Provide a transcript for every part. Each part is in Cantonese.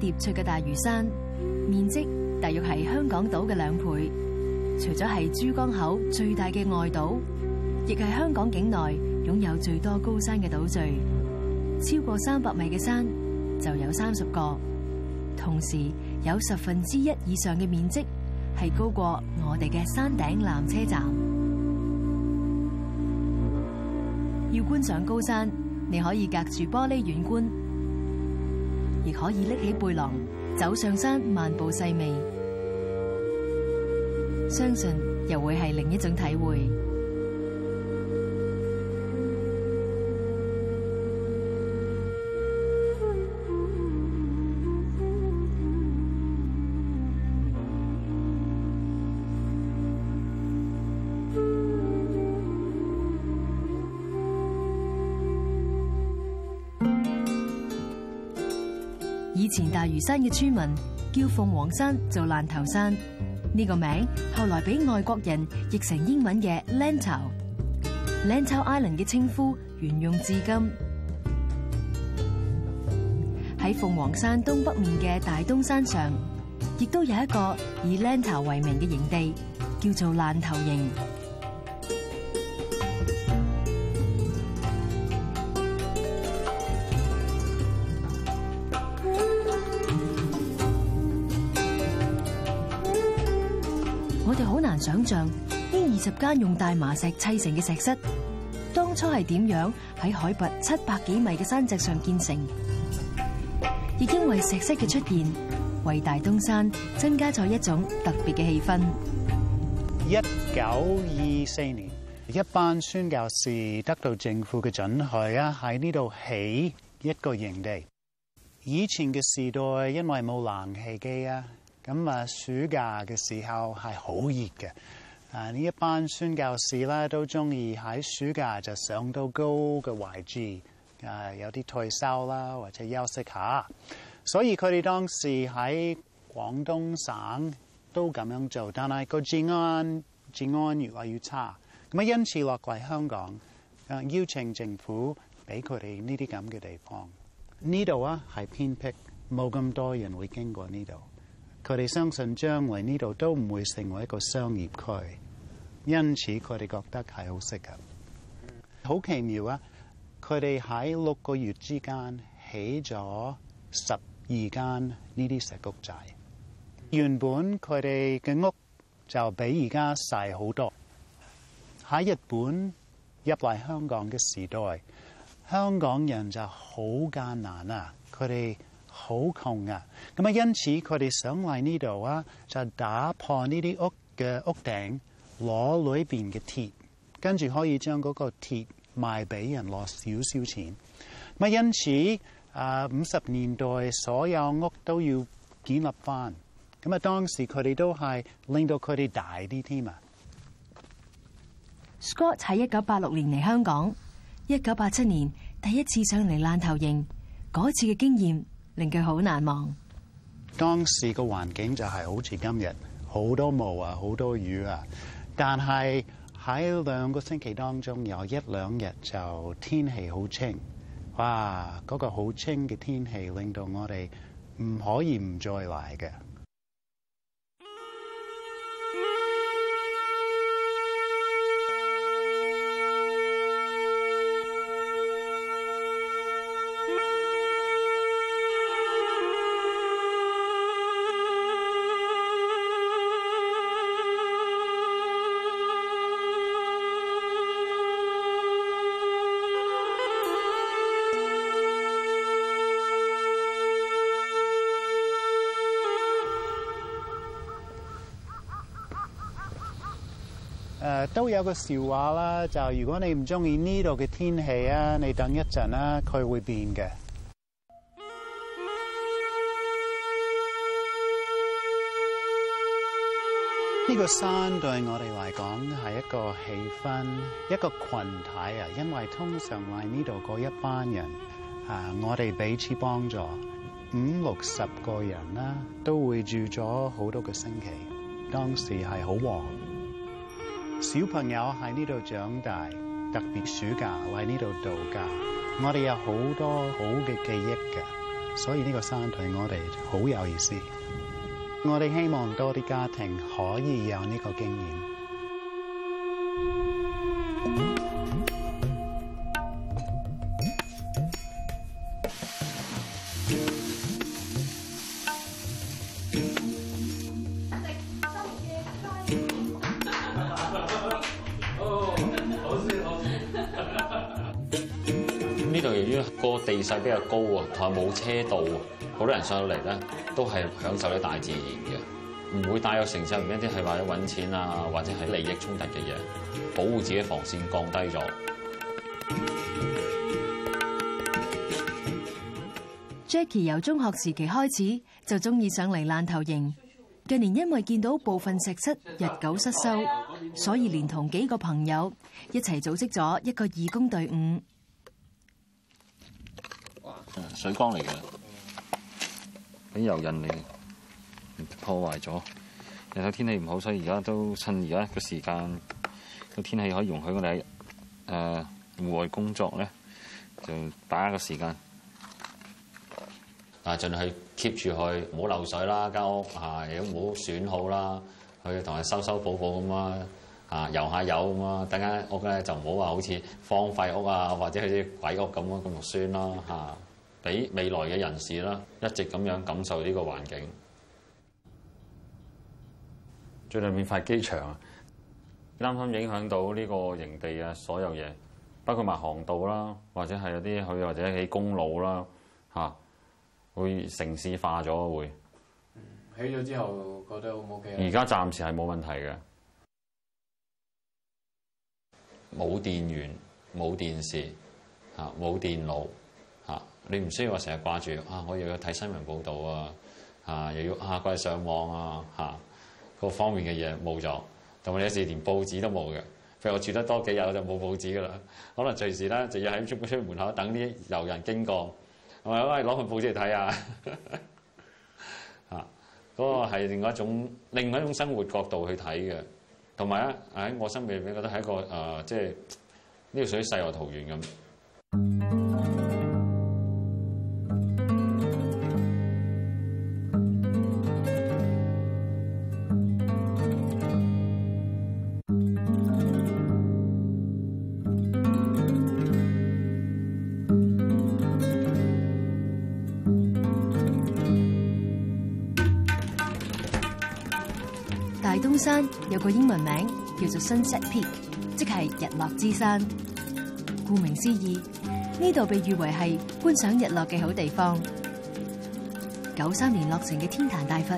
疊翠嘅大嶼山面積大約係香港島嘅兩倍，除咗係珠江口最大嘅外島，亦係香港境內擁有最多高山嘅島嶼。超過三百米嘅山就有三十個，同時有十分之一以上嘅面積係高過我哋嘅山頂纜車站。要觀賞高山，你可以隔住玻璃遠觀。可以拎起背囊，走上山，漫步細味，相信又會係另一種體會。前大嶼山嘅村民叫鳳凰山做爛頭山，呢個名後來俾外國人譯成英文嘅 Lantau，Lantau Island 嘅稱呼沿用至今。喺鳳凰山東北面嘅大東山上，亦都有一個以 Lantau 為名嘅營地，叫做爛頭營。我哋好難想象呢二十間用大麻石砌成嘅石室，當初係點樣喺海拔七百幾米嘅山脊上建成？亦因為石室嘅出現，為大東山增加咗一種特別嘅氣氛。一九二四年，一班宣教士得到政府嘅准許啊，喺呢度起一個營地。以前嘅時代，因為冇冷氣機啊。咁啊！暑假嘅時候係好熱嘅。啊，呢一班宣教士咧都中意喺暑假就上到高嘅懷 G 誒、啊、有啲退休啦，或者休息下。所以佢哋當時喺廣東省都咁樣做，但係個治安治安越嚟越差咁啊，因此落嚟香港、啊、邀請政府俾佢哋呢啲咁嘅地方呢度啊，係偏僻，冇咁多人會經過呢度。佢哋相信將來呢度都唔會成為一個商業區，因此佢哋覺得係好適合。好奇妙啊！佢哋喺六個月之間起咗十二間呢啲石屋仔，原本佢哋嘅屋就比而家細好多。喺日本入嚟香港嘅時代，香港人就好艱難啊！佢哋好窮啊！咁啊，因此佢哋想嚟呢度啊，就打破呢啲屋嘅屋頂攞裏邊嘅鐵，跟住可以將嗰個鐵賣俾人攞少少錢。咁啊，因此啊，五十年代所有屋都要建立翻。咁啊，當時佢哋都係令到佢哋大啲添啊。Scott 喺一九八六年嚟香港，一九八七年第一次上嚟爛頭營，嗰次嘅經驗。令佢好難忘。當時個環境就係好似今日，好多霧啊，好多雨啊。但係喺兩個星期當中，有一兩日就天氣好清。哇！嗰個好清嘅天氣，令到我哋唔可以唔再嚟嘅。誒、呃、都有個笑話啦，就如果你唔中意呢度嘅天氣啊，你等一陣啦、啊，佢會變嘅。呢 個山對我哋嚟講係一個氣氛，一個群體啊，因為通常喺呢度嗰一班人啊，我哋彼此幫助，五六十個人啦、啊，都會住咗好多個星期，當時係好旺。小朋友喺呢度長大，特別暑假喺呢度度假，我哋有好多好嘅記憶嘅，所以呢個山對我哋好有意思。我哋希望多啲家庭可以有呢個經驗。比較高喎，同埋冇車道，好多人上到嚟咧都係享受咗大自然嘅，唔會帶有成績，唔一啲係話去揾錢啊，或者係利益衝突嘅嘢，保護自己的防線降低咗。Jackie 由中學時期開始就鍾意上嚟爛頭營，近年因為見到部分石室日久失修，所以連同幾個朋友一齊組織咗一個義工隊伍。水缸嚟嘅，由人嚟破壞咗。而家天氣唔好，所以而家都趁而家個時間，個天氣可以容許我哋誒戶外工作咧，就把握個時間，啊，盡力去 keep 住佢，唔好漏水啦，間屋嚇亦都唔好損耗啦，去同佢修修補補咁啦，嚇遊下油咁啦，等間屋咧就唔好話好似荒廢屋啊，或者佢啲鬼屋咁咯，咁咁酸啦。嚇、啊。俾未來嘅人士啦，一直咁樣感受呢個環境最。最近面發機場啊，擔心影響到呢個營地嘅所有嘢，包括埋航道啦，或者係有啲佢或者起公路啦，嚇會城市化咗會。起咗之後覺得好唔好嘅？而家暫時係冇問題嘅。冇電源，冇電視，嚇冇電腦。你唔需要話成日掛住啊！我又要睇新聞報導啊！啊，又要啊，掛上網啊！嚇、啊，各方面嘅嘢冇咗，同埋你有時連報紙都冇嘅。譬如我住得多幾日，我就冇報紙噶啦。可能隨時咧，就要喺出出門口等啲遊人經過，同埋喂攞份報紙嚟睇啊！嚇、 啊，嗰、那個係另外一種，另外一種生活角度去睇嘅，同埋咧喺我心入邊覺得係一個誒，即係呢個屬於世外桃源咁。東山有個英文名叫做 Sunset Peak，即係日落之山。顧名思義，呢度被譽為係觀賞日落嘅好地方。九三年落成嘅天壇大佛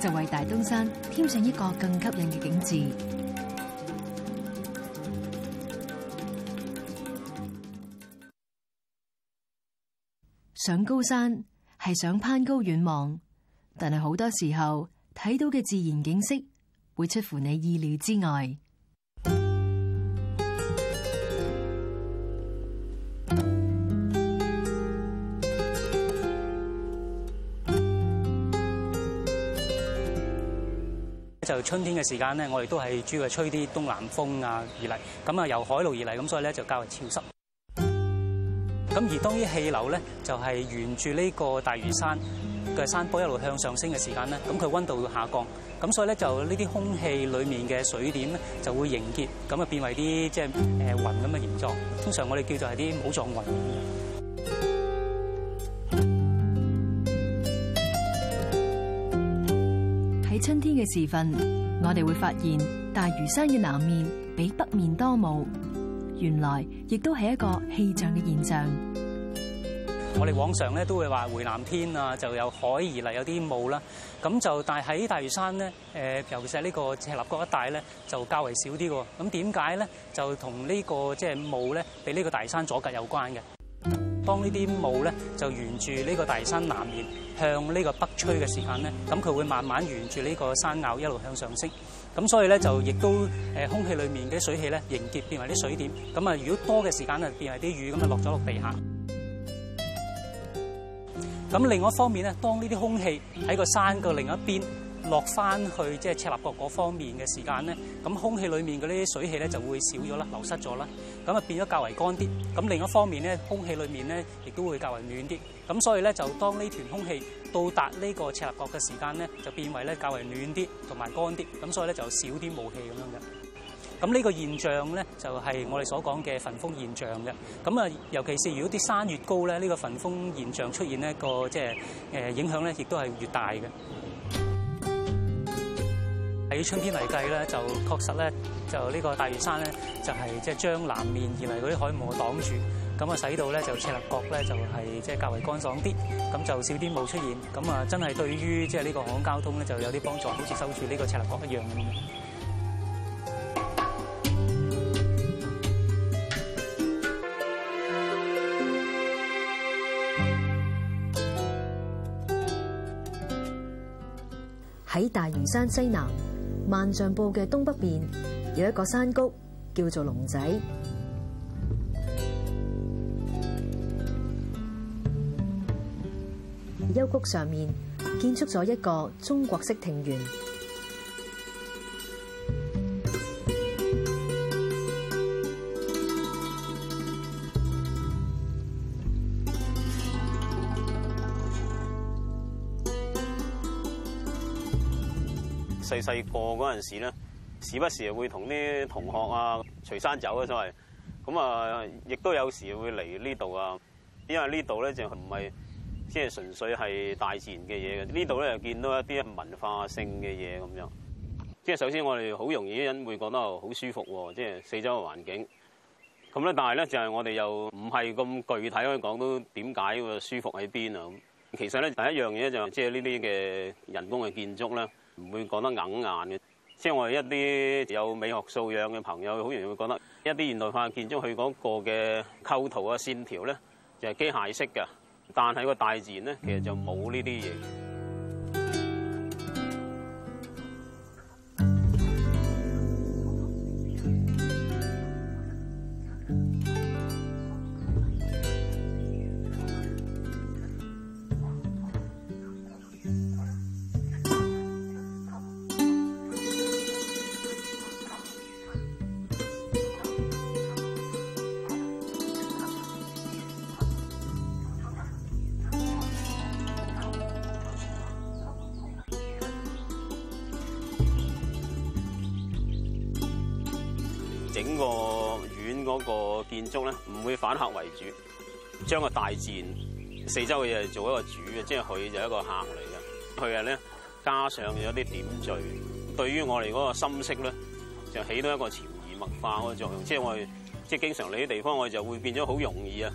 就為大東山添上一個更吸引嘅景致。上高山係想攀高遠望，但係好多時候睇到嘅自然景色，會出乎你意料之外。就春天嘅時間咧，我哋都係主要吹啲東南風啊，而嚟咁啊由海路而嚟，咁所以咧就較為潮濕。咁而當啲氣流咧，就係沿住呢個大嶼山，嘅山坡一路向上升嘅時間咧，咁佢溫度會下降，咁所以咧就呢啲空氣裏面嘅水點咧就會凝結，咁啊變為啲即係誒雲咁嘅形狀，通常我哋叫做係啲霧狀雲。喺春天嘅時分，我哋會發現大嶼山嘅南面比北面多霧，原來亦都係一個氣象嘅現象。我哋往常咧都會話回南天啊，就有海而嚟有啲霧啦。咁就但係喺大嶼山咧，誒尤其係呢個赤鱲角一帶咧，就較為少啲喎。咁點解咧？就同呢、這個即係霧咧，俾呢個大嶼山阻隔有關嘅。當呢啲霧咧就沿住呢個大嶼山南面向呢個北吹嘅時間咧，咁佢會慢慢沿住呢個山坳一路向上升。咁所以咧就亦都誒、呃、空氣裏面嘅水氣咧凝結變為啲水點。咁啊，如果多嘅時間啊變為啲雨咁啊落咗落地下。咁另，另、就是、另一方面咧，當呢啲空氣喺個山嘅另一邊落翻去即係赤鱲角嗰方面嘅時間咧，咁空氣裏面嗰啲水氣咧就會少咗啦，流失咗啦，咁啊變咗較為乾啲。咁另一方面咧，空氣裏面咧亦都會較為暖啲。咁所以咧，就當呢團空氣到達呢個赤鱲角嘅時間咧，就變為咧較為暖啲同埋乾啲。咁所以咧就少啲霧氣咁樣嘅。咁呢個現象咧，就係、是、我哋所講嘅焚風現象嘅。咁啊，尤其是如果啲山越高咧，呢、這個焚風現象出現呢個即係、就是呃、影響咧，亦都係越大嘅。喺 春天嚟計咧，就確實咧，就呢個大嶼山咧，就係即係將南面而嚟嗰啲海霧擋住，咁啊，使到咧就赤鱲角咧就係即係較為乾爽啲，咁就少啲霧出現。咁啊，真係對於即係呢個航空交通咧，就有啲幫助，好似收住呢個赤鱲角一樣咁。大嶼山西南，萬丈布嘅東北邊有一個山谷，叫做龍仔，幽谷上面建築咗一個中國式庭園。細細個嗰陣時咧，時不時啊會同啲同學啊隨山走啊，所謂咁啊，亦都有時會嚟呢度啊。因為呢度咧就唔係即係純粹係大自然嘅嘢嘅，呢度咧又見到一啲文化性嘅嘢咁樣。即係首先我哋好容易會覺得好舒服喎，即係四周嘅環境咁咧。但係咧就係我哋又唔係咁具體可以講到點解會舒服喺邊啊？咁其實咧第一樣嘢就即係呢啲嘅人工嘅建築啦。唔會講得硬硬嘅，即係我哋一啲有美學素養嘅朋友，好容易會覺得一啲現代化建築佢嗰個嘅構圖啊、線條咧，就係機械式嘅，但係個大自然咧，其實就冇呢啲嘢。整個院嗰個建築咧，唔會反客為主，將個大自然四周嘅嘢做一個主嘅，即係佢就一個客嚟嘅。佢係咧加上咗啲點綴，對於我哋嗰個心識咧，就起到一個潛移默化嗰個作用。即係我哋，即係經常嚟啲地方，我哋就會變咗好容易啊！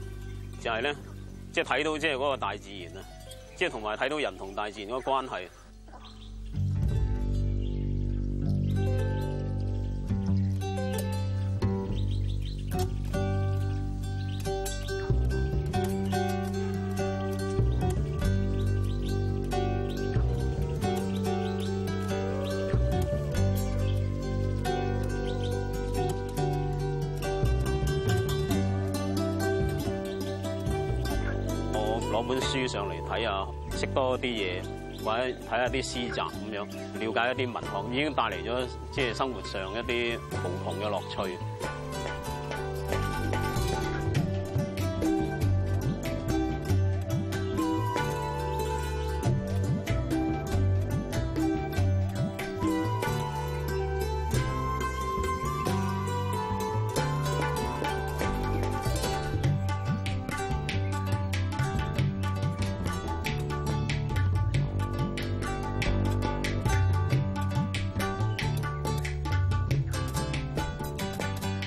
就係咧，即係睇到即係嗰個大自然啊，即係同埋睇到人同大自然嗰個關係。本書上嚟睇下，識多啲嘢，或者睇下啲詩集咁樣了解一啲文學，已經帶嚟咗即係生活上一啲無窮嘅樂趣。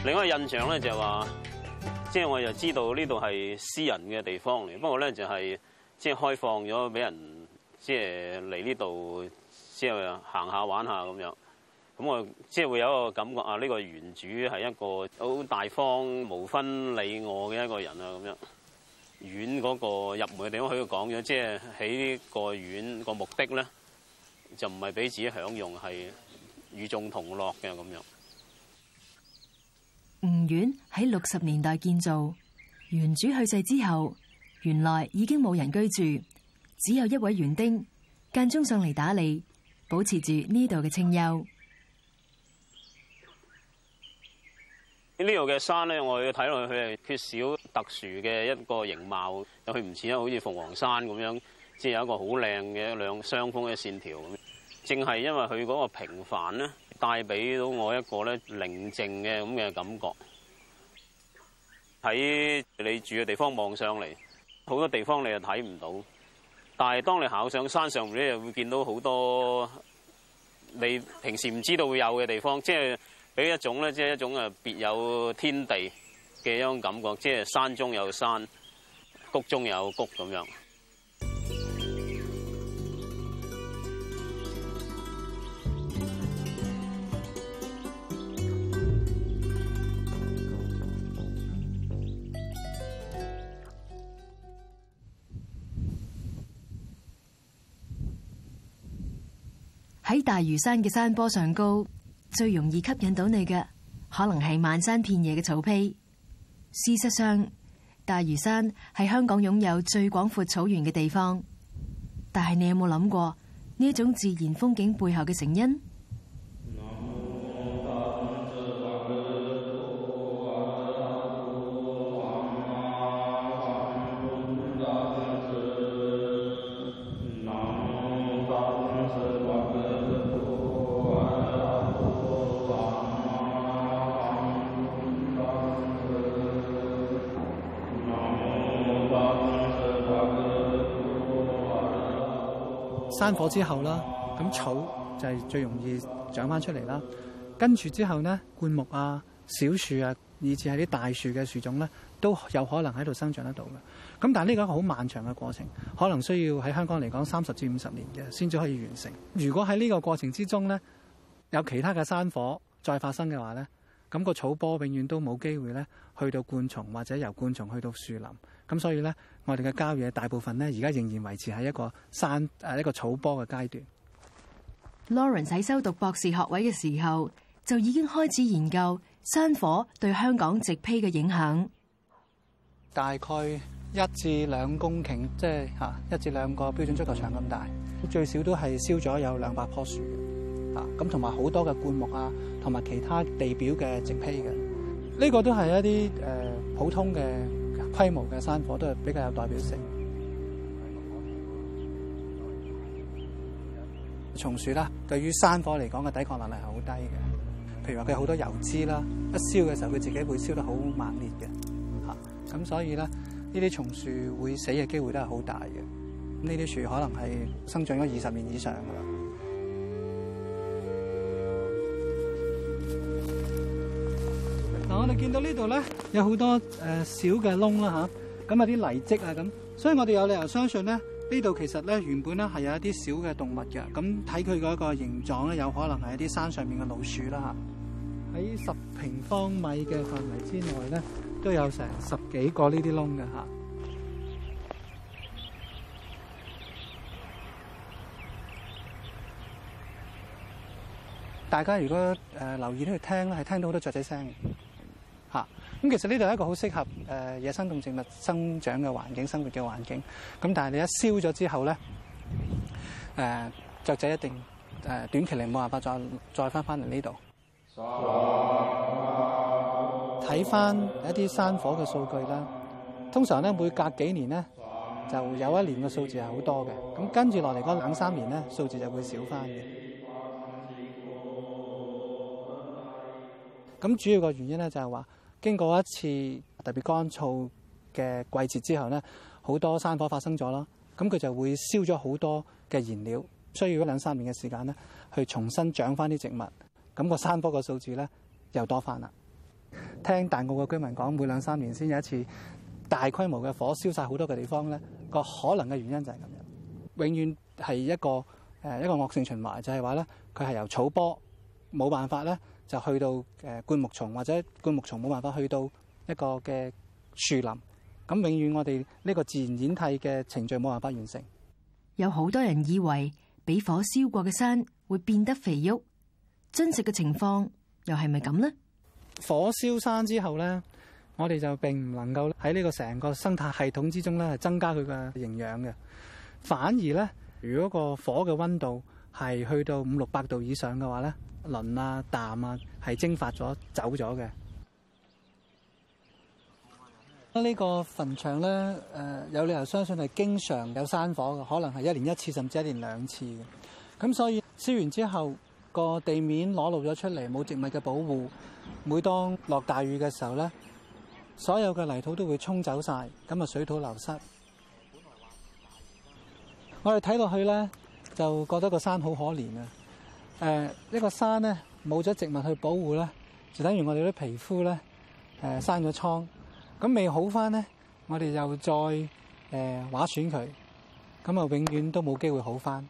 另一個印象咧就係話，即係我就知道呢度係私人嘅地方嚟，不過咧就係即係開放咗俾人即係嚟呢度即係行下玩下咁樣。咁我即係會有一個感覺啊！呢個園主係一個好大方、無分你我嘅一個人啊！咁樣院嗰個入門嘅地方佢講咗，即係喺呢個院個目的咧就唔係俾自己享用，係與眾同樂嘅咁樣。吳院喺六十年代建造，原主去世之後，原來已經冇人居住，只有一位園丁間中上嚟打理，保持住呢度嘅清幽。呢度嘅山咧，我睇落去佢係缺少特殊嘅一個形貌，又佢唔似好似鳳凰山咁樣，即係有一個好靚嘅兩雙峰嘅線條咁。正係因為佢嗰個平凡咧帶俾到我一個咧寧靜嘅咁嘅感覺。喺你住嘅地方望上嚟，好多地方你又睇唔到。但係當你行上山上面咧，又會見到好多你平時唔知道會有嘅地方，即係俾一種咧，即係一種誒別有天地嘅一種感覺，即係山中有山，谷中有谷咁樣。大嶼山嘅山坡上高最容易吸引到你嘅，可能係漫山遍野嘅草坯。事實上，大嶼山係香港擁有最廣闊草原嘅地方。但係你有冇諗過呢種自然風景背後嘅成因？山火之後啦，咁草就係最容易長翻出嚟啦。跟住之後呢，灌木啊、小樹啊，以至係啲大樹嘅樹種呢，都有可能喺度生長得到嘅。咁但係呢個係好漫長嘅過程，可能需要喺香港嚟講三十至五十年嘅先至可以完成。如果喺呢個過程之中呢，有其他嘅山火再發生嘅話呢，咁個草坡永遠都冇機會呢，去到灌叢或者由灌叢去到樹林。咁所以咧，我哋嘅郊野大部分咧，而家仍然維持喺一個山誒一個草坡嘅階段。Lawrence 喺修讀博士學位嘅時候，就已經開始研究山火對香港植被嘅影響，大概一至兩公頃，即係吓一至兩個標準足球場咁大，最少都係燒咗有兩百棵樹，嚇咁同埋好多嘅灌木啊，同埋其他地表嘅植被嘅。呢、這個都係一啲誒、呃、普通嘅。規模嘅山火都係比較有代表性。松樹啦，對於山火嚟講嘅抵抗能力係好低嘅。譬如話佢好多油脂啦，一燒嘅時候佢自己會燒得好猛烈嘅。嚇，咁所以咧，呢啲松樹會死嘅機會都係好大嘅。呢啲樹可能係生長咗二十年以上㗎喇。然後我哋見到這裡呢度咧，有好多誒小嘅窿啦嚇，咁有啲泥積啊咁，所以我哋有理由相信咧，呢度其實咧原本咧係有一啲小嘅動物嘅，咁睇佢嗰個形狀咧，有可能係一啲山上面嘅老鼠啦嚇。喺十平方米嘅範圍之內咧，都有成十幾個呢啲窿嘅嚇。大家如果誒留意咧去聽咧，係聽到好多雀仔聲嘅嚇。咁其實呢度係一個好適合誒野生動植物生長嘅環境，生活嘅環境。咁但係你一燒咗之後咧，誒、呃、雀仔一定短期嚟冇辦法再再翻翻嚟呢度。睇翻、啊、一啲山火嘅數據啦，通常咧每隔幾年咧就有一年嘅數字係好多嘅，咁跟住落嚟嗰兩三年咧數字就會少翻嘅。咁主要個原因咧就係、是、話。經過一次特別乾燥嘅季節之後呢，好多山火發生咗啦，咁佢就會燒咗好多嘅燃料，需要一兩三年嘅時間咧，去重新長翻啲植物，咁、那個山火個數字呢又多翻啦。聽大澳嘅居民講，每兩三年先有一次大規模嘅火燒晒好多嘅地方呢，個可能嘅原因就係咁樣，永遠係一個誒、呃、一個惡性循環，就係、是、話呢，佢係由草坡冇辦法呢。就去到誒灌木叢，或者灌木叢冇辦法去到一個嘅樹林，咁永遠我哋呢個自然演替嘅程序冇辦法完成。有好多人以為俾火燒過嘅山會變得肥沃，真實嘅情況又係咪咁呢？火燒山之後咧，我哋就並唔能夠喺呢個成個生態系統之中咧增加佢嘅營養嘅，反而咧，如果個火嘅溫度係去到五六百度以上嘅話咧。磷啊、氮啊，係蒸發咗走咗嘅。呢個墳場咧，誒有理由相信係經常有山火嘅，可能係一年一次甚至一年兩次嘅。咁所以燒完之後，個地面裸露咗出嚟，冇植物嘅保護，每當落大雨嘅時候咧，所有嘅泥土都會沖走晒，咁啊水土流失。我哋睇落去咧，就覺得個山好可憐啊！誒一個山咧，冇咗植物去保護咧，就等於我哋啲皮膚咧，誒生咗瘡。咁未好翻咧，我哋又再誒劃損佢，咁啊永遠都冇機會好翻。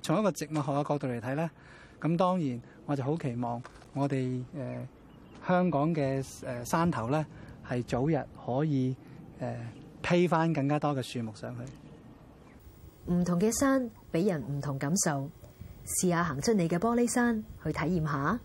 從一個植物學嘅角度嚟睇咧，咁當然我就好期望我哋誒香港嘅誒山頭咧，係早日可以誒披翻更加多嘅樹木上去。唔同嘅山俾人唔同感受。試下行出你嘅玻璃山，去體驗一下。